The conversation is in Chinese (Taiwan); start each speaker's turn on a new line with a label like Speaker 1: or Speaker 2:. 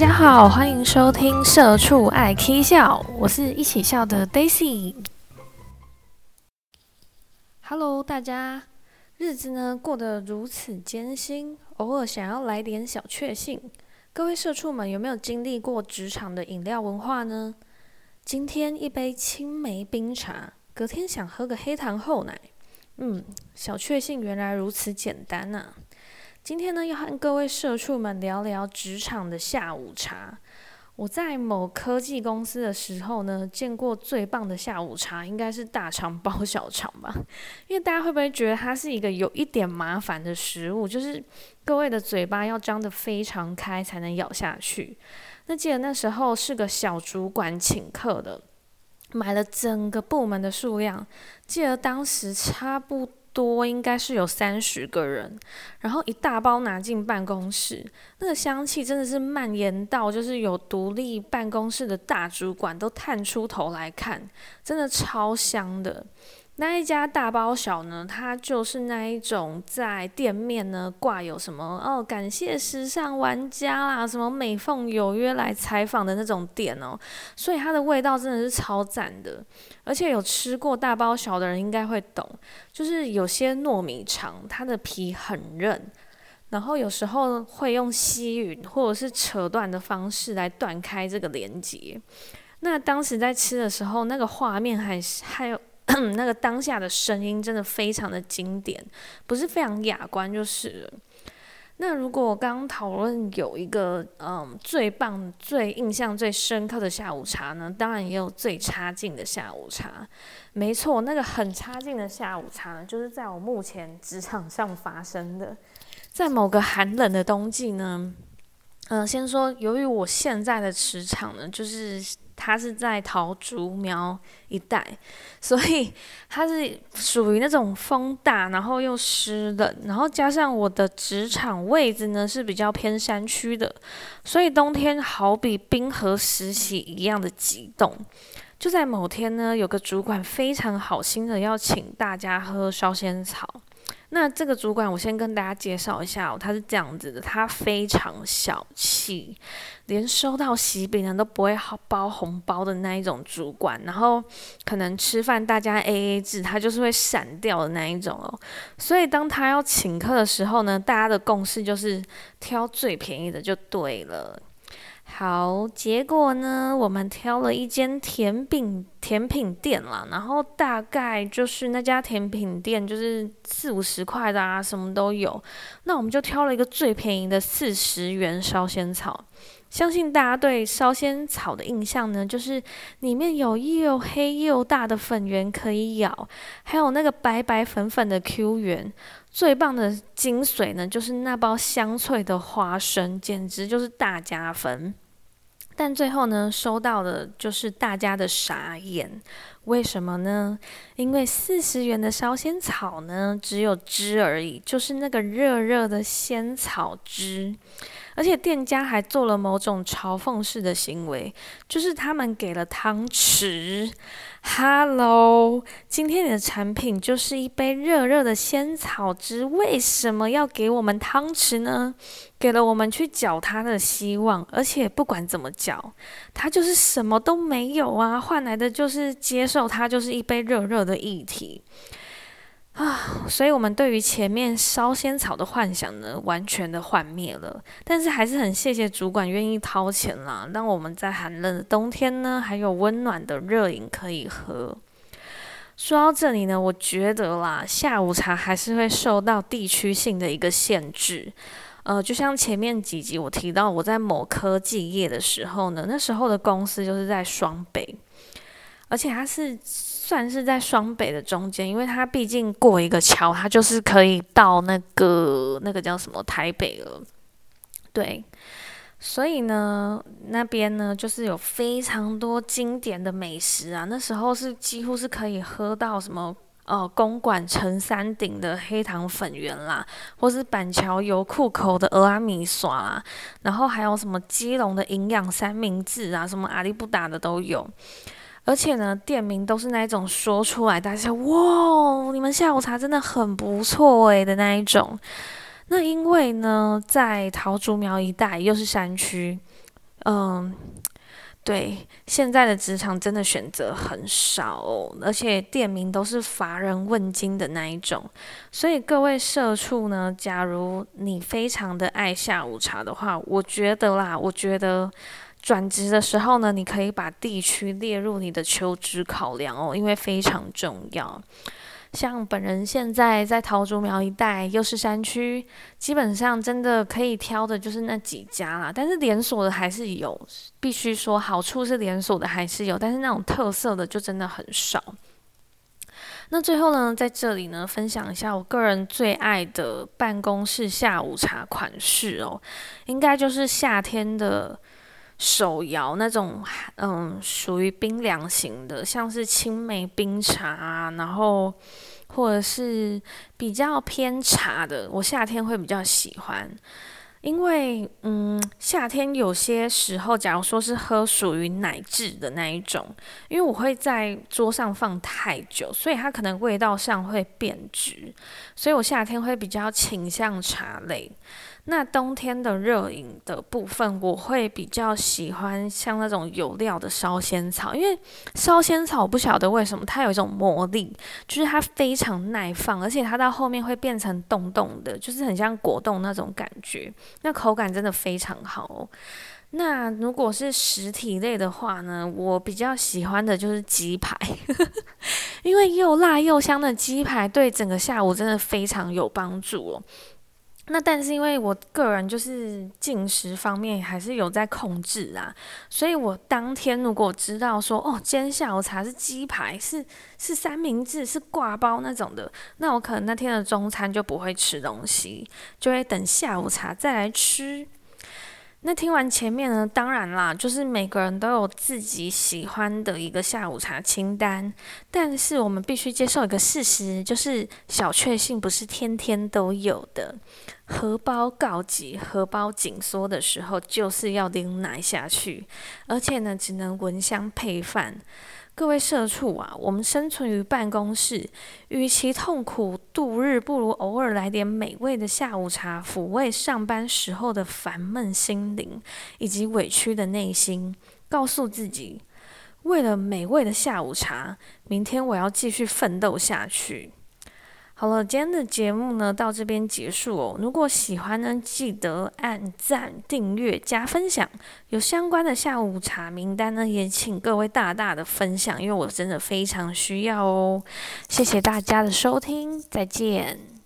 Speaker 1: 大家好，歡迎收聽《社畜愛 k 笑》，我是一起笑的 Daisy。Hello，大家，日子呢過得如此艱辛，偶爾想要來點小確幸。各位社畜們有沒有經歷過職場的飲料文化呢？今天一杯青梅冰茶，隔天想喝個黑糖厚奶，嗯，小確幸原來如此簡單呢、啊。今天呢，要和各位社畜們聊聊職場的下午茶。我在某科技公司的時候呢，見過最棒的下午茶，應該是大腸包小腸吧。因為大家會不會覺得它是一個有一點麻煩的食物？就是各位的嘴巴要張得非常開才能咬下去。那記得那時候是個小主管請客的，買了整個部門的數量。記得當時差不多多應該是有三十個人，然後一大包拿進辦公室，那個香氣真的是蔓延到，就是有獨立辦公室的大主管都探出頭來看，真的超香的。那一家大包小呢，它就是那一種在店面呢，掛有什麼哦，感謝時尚玩家啦，什麼美鳳有約來採訪的那種店哦。所以它的味道真的是超讚的，而且有吃過大包小的人應該會懂，就是有些糯米腸它的皮很韌，然後有時候會用吸吮或者是扯斷的方式來斷開這個連接。那當時在吃的時候，那個畫面還是還有。 那個當下的聲音真的非常的經典，不是非常雅觀就是。那如果我剛剛討論有一個嗯，最棒、最印象最深刻的下午茶呢，當然也有最差勁的下午茶。沒錯，那個很差勁的下午茶呢，就是在我目前職場上發生的，是在某個寒冷的冬季呢。嗯、呃，先說，由於我現在的職場呢，就是。它是在桃竹苗一帶，所以它是屬於那種風大，然後又濕冷，然後加上我的職場位置呢是比較偏山區的，所以冬天好比冰河時期一樣的極凍。就在某天呢，有個主管非常好心的要請大家喝燒仙草。那這個主管，我先跟大家介紹一下，哦，他是這樣子的，他非常小氣，連收到喜餅呢都不會好包紅包的那一種主管，然後可能吃飯大家 AA 制，他就是會閃掉的那一種哦。所以當他要請客的時候呢，大家的共識就是挑最便宜的就對了。好，結果呢，我們挑了一間甜餅。甜品店啦，然後大概就是那家甜品店，就是四五十塊的啊，什麼都有。那我們就挑了一個最便宜的四十元燒仙草。相信大家對燒仙草的印象呢，就是裡面有又黑又大的粉圓可以咬，還有那個白白粉粉的 Q 圓。最棒的精髓呢，就是那包香脆的花生，簡直就是大加分。但最後呢，收到的就是大家的傻眼。為什麼呢？因為四十元的燒仙草呢，只有汁而已，就是那個熱熱的仙草汁。而且店家還做了某種嘲諷式的行為，就是他們給了湯匙。Hello，今天你的產品就是一杯熱熱的仙草汁，為什麼要給我們湯匙呢？給了我們去攪它的希望，而且不管怎麼攪，它就是什麼都沒有啊，換來的就是接受它就是一杯熱熱的液體。啊，所以我們對於前面燒仙草的幻想呢，完全的幻滅了。但是還是很謝謝主管願意掏錢啦，讓我們在寒冷的冬天呢，還有溫暖的熱飲可以喝。說到這裡呢，我覺得啦，下午茶還是會受到地區性的一個限制。呃，就像前面幾集我提到，我在某科技業的時候呢，那時候的公司就是在雙北，而且它是。算是在雙北的中間，因為它畢竟過一個橋，它就是可以到那個那個叫什麼台北了，對。所以呢，那邊呢就是有非常多經典的美食啊。那時候是幾乎是可以喝到什麼呃公館陳三鼎的黑糖粉圓啦，或是板橋油庫口的蚵仔麵線啦，然後還有什麼基隆的營養三明治啊，什麼阿里布達的都有。而且呢，店名都是那一種說出來大家說，哇，你們下午茶真的很不錯欸的那一種。那因為呢，在桃竹苗一帶又是山區，嗯，對，現在的職場真的選擇很少哦，而且店名都是乏人問津的那一種。所以各位社畜呢，假如你非常的愛下午茶的話，我覺得啦，我覺得。轉職的時候呢，你可以把地區列入你的求職考量哦，因為非常重要。像本人現在在桃竹苗一帶，又是山區，基本上真的可以挑的就是那幾家啦。但是連鎖的還是有，必須說好處是連鎖的還是有，但是那種特色的就真的很少。那最後呢，在這裡呢，分享一下我個人最愛的辦公室下午茶款式哦，應該就是夏天的。手搖那種，嗯，屬於冰涼型的，像是青梅冰茶，然後或者是比較偏茶的，我夏天會比較喜歡，因為，嗯，夏天有些時候，假如說是喝屬於奶製的那一種，因為我會在桌上放太久，所以它可能味道上會變質，所以我夏天會比較傾向茶類。那冬天的熱飲的部分，我會比較喜歡像那種有料的燒仙草，因為燒仙草不曉得為什麼它有一種魔力，就是它非常耐放，而且它到後面會變成凍凍的，就是很像果凍那種感覺，那口感真的非常好哦。那如果是實體類的話呢，我比較喜歡的就是雞排， 因為又辣又香的雞排對整個下午真的非常有幫助哦。那但是因為我個人就是進食方面還是有在控制啊，所以我當天如果知道說，哦，今天下午茶是雞排，是是三明治，是刈包那種的，那我可能那天的中餐就不會吃東西，就會等下午茶再來吃。那聽完前面呢，當然啦，就是每個人都有自己喜歡的一個下午茶清單，但是我們必須接受一個事實，就是小確幸不是天天都有的。荷包告急、荷包緊縮的時候，就是要拎奶下去，而且呢，只能聞香配飯。各位社畜啊，我們生存於辦公室，與其痛苦度日，不如偶爾來點美味的下午茶，撫慰上班時候的煩悶心靈以及委屈的內心，告訴自己，為了美味的下午茶，明天我要繼續奮鬥下去。好了，今天的節目呢，到這邊結束哦。如果喜歡呢，記得按讚、訂閱、加分享。有相關的下午茶名單呢，也請各位大大的分享，因為我真的非常需要哦。謝謝大家的收聽，再見。